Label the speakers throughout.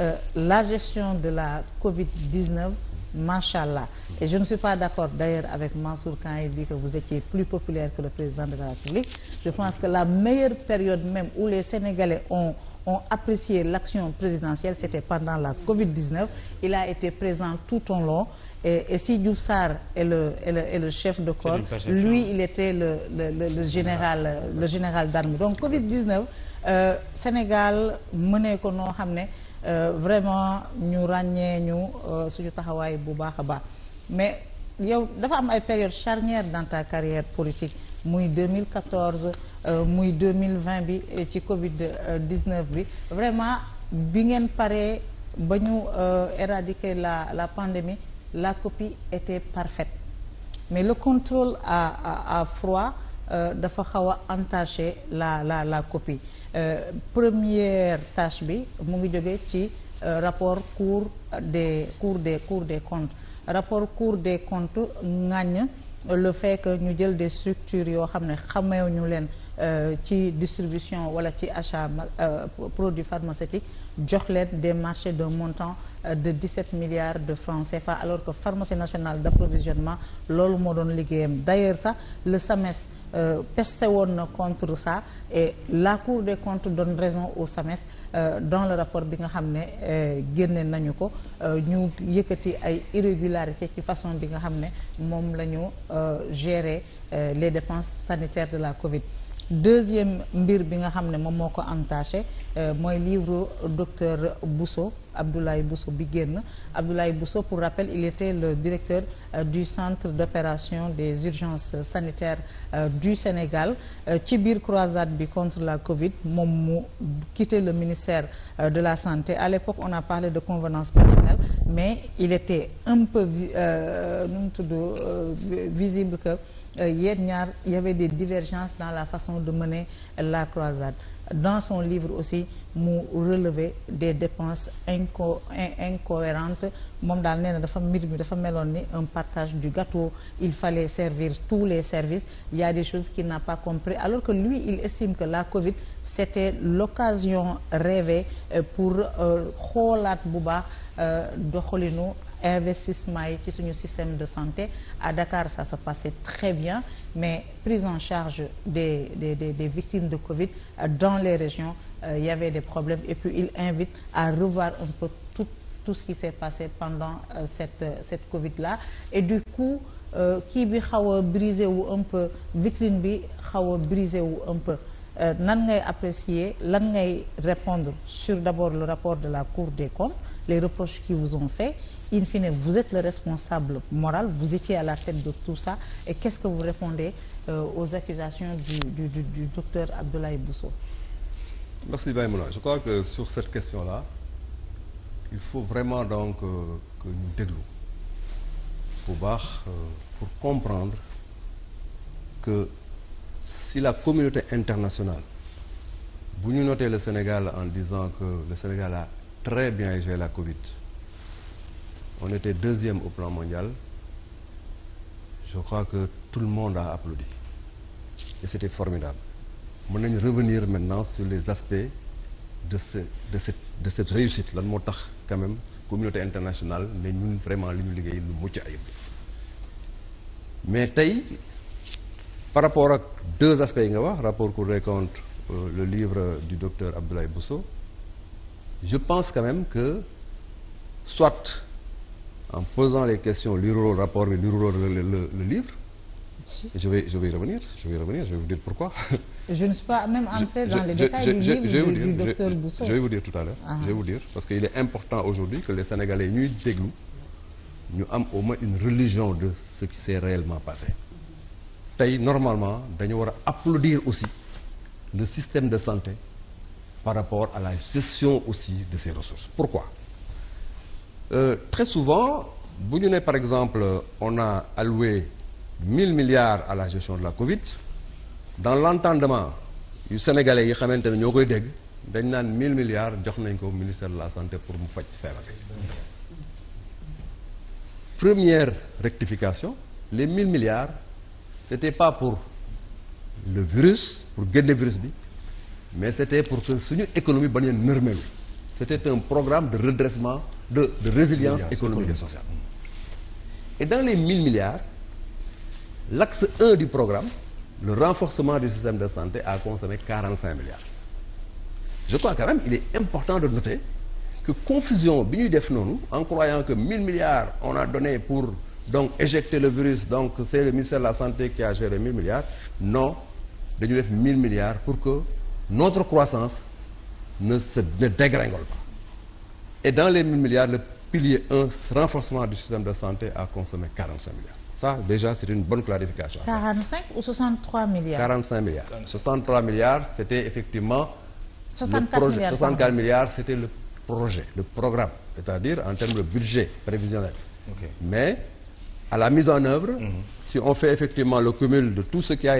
Speaker 1: euh, la gestion de la Covid-19, machallah. Et je ne suis pas d'accord d'ailleurs avec Mansour quand il dit que vous étiez plus populaire que le président de la République. Je pense que la meilleure période même où les Sénégalais ont ont apprécié l'action présidentielle, c'était pendant la Covid-19. Il a été présent tout au long. Et, si Diouf Sarr est le, est le, est le chef de corps, lui, il était le, le, le général, le général d'armes. Donc Covid-19, euh, Sénégal mënee ko noo xam ne Euh, vraiment ñu ràññee ñu euh, suñu taxawaay bu baax a baax mais yow dafa am ay période charnière dans ta carrière politique muy 2014 euh, muy 2020 bi ci Covid 19 bi vraiment bi ngeen pare ba ñu éradiquer la la pandémie la copie était parfaite mais le contrôle à à à froid. Euh, dafa xaw a entaché la la la copie euh, première tâche bi mu ngi jóge ci euh, rapport cour des cour des cour des comptes rapport cour des comptes ŋàññ le fait ñu jël des structures yoo xam ne xameew ñu leen Euh, ci distribution wala ci achat euh, produit pharmaceutique jox leen des marchés d'un montant euh, de 17 milliards de francs fa alors que pharmacie nationale d'approvisionnement loolu moo doon liggéeyam d'ailleurs sax le SAMES e pesté woon na contre ça et la Cour des comptes donne raison au SAMES e dans le rapport bi nga xam ne génne nañu ko ñu yëkkati ay irrégularités ci façon bi nga xam ne moom la ñu gérer les dépenses sanitaires de la Covid deuxième mbir bi nga xam ne moom moo ko entaché euh, mooy livre docteur Bousso Abdoulaye Bousso bi génn Abdoulaye Bousso pour rappel il était le directeur euh, du centre d'opération des urgences sanitaires euh, du Sénégal euh, ci biir croisade bi contre la Covid moom mu quitté le ministère de la santé à l'époque on a parlé de convenance personnelle mais il était un peu nu mu tudd visible que yéen ñaar il y avait des divergences dans la façon de mener la croisade dans son livre aussi mu relever des dépenses inco incohérentes moom daal nee na dafa mbir mi dafa meloon ni un partage du gâteau il fallait servir tous les services il y a des choses qu'il n'a pas compris alors que lui il estime que la Covid c'était l'occasion rêvée euh, pour euh, xoolaat bu baax euh, doxalinu investissement yi ci suñu système de santé à Dakar ça se passait très bien mais prise en charge des des des, des victimes de Covid euh, dans les régions euh, y avait des problèmes et puis il invite à revoir un peu tout tout ce qui s'est passé pendant euh, cette euh, cette Covid là et du coup euh, kii bi xaw a brisé wu un peu vitrine bi xaw a brisé wu un peu nan ngay apprécier lan ngay répondre sur d'abord le rapport de la Cour des comptes les reproches qui vous ont fait in fine vous êtes le responsable moral vous étiez à la tête de tout ça et qu'est-ce que vous répondez euh, aux accusations du docteur Abdoulaye Bousso
Speaker 2: merci Baïmouna je crois que sur cette question-là il faut vraiment donc euh, que ñu déglu bu baax euh, pour comprendre que si la communauté internationale bu ñu noté le Sénégal en disant que le Sénégal a très bien géré la Covid on était deuxième au plan mondial je crois que tout le monde a applaudi et c'était formidable mën nañu revenir maintenant sur les aspects de ce de cette de cette réussite lan moo tax quand même communauté internationale ne ñun vraiment li ñu liggéey lu mucc ayib mais tey par rapport ak deux aspects yi nga wax rapport Cour des euh, le livre du docteur Abdoulaye Bousso je pense quand que soit en posant les questions liruloo le rapport bi liruloo le, le, le livre Et je vais je vais y revenir je vais y revenir je vais vous dire pourquoi.
Speaker 1: je ne suis pas même entrée dans les détails du docteur Bousso. je vais vous dire tout à l'heure ah. je vais vous
Speaker 2: dire parce que il est important aujourd'hui que les Sénégalais ñuy déglu ñu am au moins une religion de ce qui s'est réellement passé. tey normalement dañu war a applaudir aussi le système de santé par rapport à la gestion aussi de ses ressources. pourquoi Euh, très souvent bu ñu ne par exemple on a alloué mille milliards à la gestion de la Covid dans l'entendement yu sénégalais yi xamante ne ñoo koy dégg dañ naan mille milliards jox nañ ko ministère de la santé pour mu faj feebar première rectification les mille milliards c'était pas pour le virus pour génne virus bi mais c'était pour que suñu économie bañ a nërmeelu c'était un programme de redressement de de résilience économique et sociale et dans les 1000 milliards l'axe 1 du programme le renforcement du système de santé a consommé 45 milliards je crois quand même il est important de noter que confusion bi ñuy def noonu en croyant que 1000 milliards on a donné pour donc éjecter le virus donc c'est le ministère de la santé qui a géré 1000 milliards non dañu def mille milliards pour que notre croissance ne se ne dans les 1000 milliards le de santé a consommé 45 milliards ça déjà c'est une bonne clarification
Speaker 1: 45 ou 63 milliards
Speaker 2: 45 milliards 63 milliards effectivement
Speaker 1: 64 le projet,
Speaker 2: le projet le programme à dire en termes de budget prévisionnel okay. mais à la mise mhm. tout ce qui a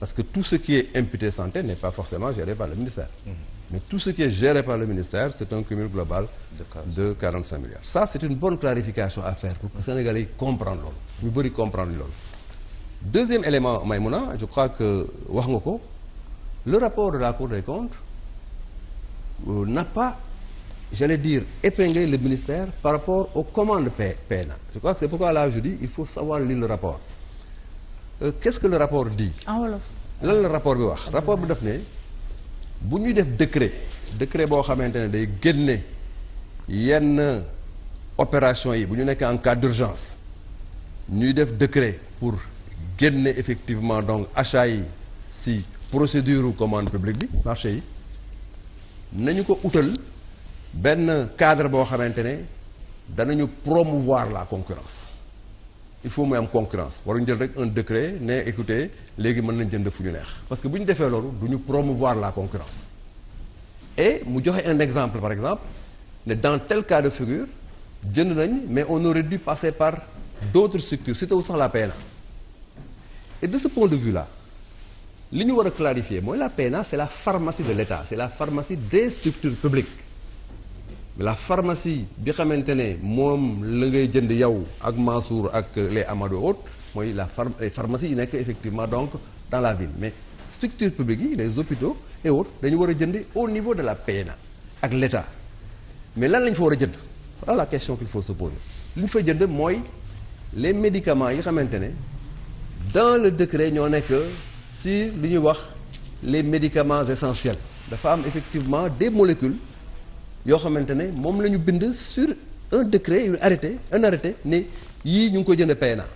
Speaker 2: Parce que tout ce qui est imputé santé n'est pas forcément géré par le ministère. Mmh. Mais tout ce qui est géré par le ministère, c'est un cumul global de 45 milliards. Ça, c'est une bonne clarification à faire pour que les Sénégalais comprennent Nous devons comprendre l'eau. Deuxième élément, Maïmouna, je crois que le rapport de la Cour des comptes euh, n'a pas, j'allais dire, épinglé le ministère par rapport aux commandes PNA. Je crois que c'est pourquoi là, je dis, il faut Euh, qu'est-ce que le rapport dit. en wolof lan la rapport bi wax. rapport bu daf ne bu ñuy def décret décret boo xamante ne day génne yenn opération yi bu ñu nekkee en cas d'urgence ñuy def décret pour génne effectivement donc achat yi si procédure commande publique bi marché yi nañu ko utal benn cadre boo xamante ne danañu promouvoir la concurrence il faut muy am concurrence waruñu jël rek un décret ne écoutez léegi mën nañ jënd fu ñu neex parce que bu ñu defee loolu du ñu promouvoir la concurrence et mu joxe un exemple par exemple ne dans tel cas de figure jënd nañ mais on aurait dû passer par d'autres structures surtout sax la PNA et de ce point de vue là li ñu war a clarifier mooy la PNA c'est la pharmacie de l'État c'est la pharmacie des structures publiques la pharmacie bi xamante ne moom la ngay jënd yow ak Mansour ak les Amado autres mooy la pharm les pharmacies yi nekk effectivement donc dans la ville mais structures publiques yi les hôpitaux et autres dañu war a jënd au niveau de la PNA ak l'État mais lan lañ fa war a jënd voilà la question qu'il faut se poser li ñu fa jënd mooy les médicaments yi xamante ne dans le décret ñoo nekk si li ñuy wax les médicaments essentiels dafa am effectivement de molecule yoo xamante ne moom la ñu bind sur un décret un arrêté ne yii ñu ngi ko jënd PNA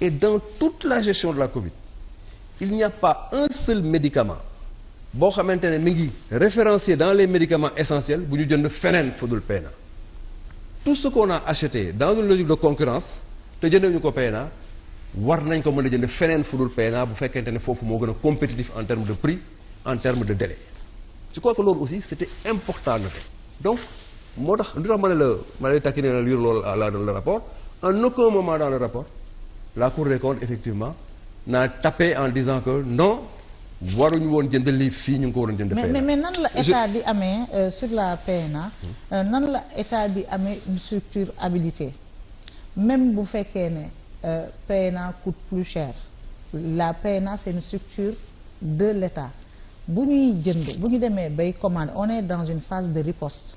Speaker 2: et dans toute la gestion de la Covid il n'y a un seul médicament boo xamante ne mi ngi référencié dans les médicaments essentiels bu ñu jënd feneen fudul PNA tout ce qu'on a acheté dans une logique de concurrence te jëndewuñu ko PNA war nañ ko mën a jënd feneen fudul PNA bu fekkente ne foofu moo gën a compétitif en termes de prix en termes de délai je crois que loolu aussi c' était important na donc moo tax lu tax ma ne la ma lay taquiner na lire loolu la dans le rapport en aucun moment dans rapport la Cour des effectivement n'a tapé en disant que non waruñu woon jënd lii fii ñu ngi ko waroon jënd. PNA mais
Speaker 1: mais nan la état di amee euh, sur la PNA. Euh, nan la état di amee une structure habilitée même bu fekkee ne euh, PNA coûte plus cher la naa c'est une structure de l'État. bu ñuy jënd bu ñu demee bay commande on est dans une phase de riposte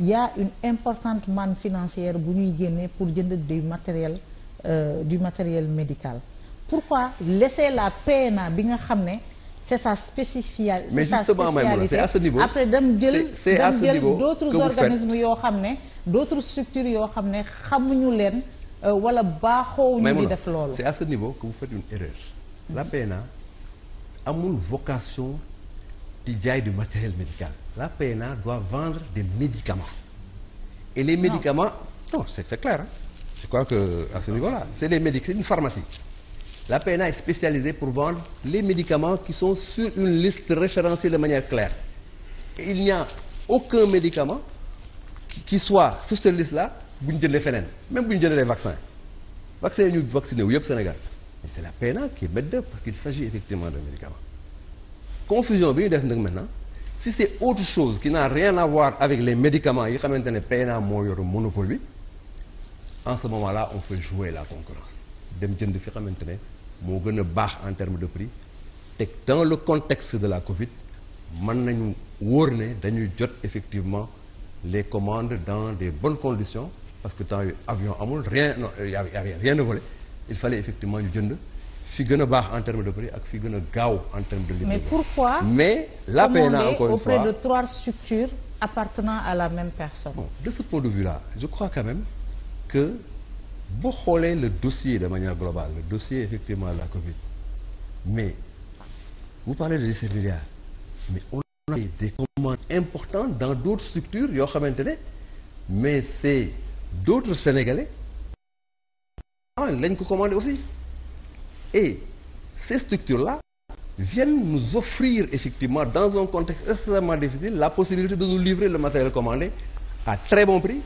Speaker 1: il une importante manne financière bu ñuy génnee pour jënd du matériel euh, du matériel médical pourquoi laisser la PNA bi nga xam ne c'est sa spécificité mais justement même c'est à ce niveau après dem jël dem jël d'autres organismes yoo xam ne d'autres structures yoo xam ne xamuñu leen euh, wala baaxoo ñu di def loolu c'est
Speaker 2: à ce niveau que vous faites une erreur la PNA amul vocation di jaay du matériel médical la PNA doit vendre des médicaments et les médicaments non c'est clair je crois que à ce niveau-là c'est des médicaments une pharmacie la PNA est spécialisée pour vendre les médicaments qui sont sur une liste référencée de manière claire il n'y a aucun médicament qui soit sur cette liste-là bu ñu jëndee feneen même bu ñu jëndee les vaccins vaccins yi ñu vacciné wu yëpp Sénégal c'est la PNA qui est bête parce qu'il s'agit effectivement d'un médicament confusion bi ñu def nag maintenant si c'est autre chose qui n'a rien à voir avec les médicaments yi xamante ne PNA moo yoru monopole bi en ce moment-là on fait jouer la concurrence dem jënd fi xamante ne moo gën a baax en terme de prix te dans le contexte de la Covid man nañu wóor ne dañuy jot effectivement les commandes dans des bonnes conditions parce que temps avion amul rien non y a rien il fallait effectivement jënd fi gën a baax en termes de prix ak fi gën a gaaw en termes de. livraison mais pourquoi. mais la PNA encore une fois auprès de
Speaker 1: trois structures appartenant à la même personne. bon
Speaker 2: de ce point de vue là je crois quand même que boo xoolee le dossier de manière globale le dossier effectivement la Covid mais vous parlez de 17 milliards mais on a des commandes importantes dans d'autres structures yoo xamante ne mais c'est d'autres Sénégalais. lañ ko commandé aussi et ces structures-là viennent nous offrir effectivement dans un contexte extrêmement difficile la possibilité de nous livrer le matériel commandé à très bon prix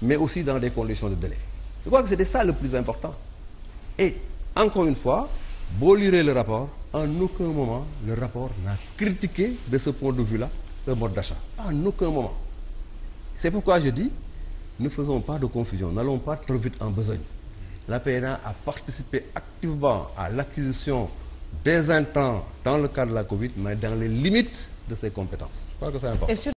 Speaker 2: mais aussi dans des conditions de délai je crois que c'était ça le plus important et encore une fois boo liree le rapport en aucun moment le rapport n'a critiqué de ce point de vue-là le mode d'achat en aucun moment c'est pourquoi je dis ne faisons pas de confusion n'allons pas trop vite en besogne la PNA a participé activement à l'acquisition des intrants dans le cadre de la COVID, mais dans les limites de ses compétences. Je
Speaker 1: crois que c'est important.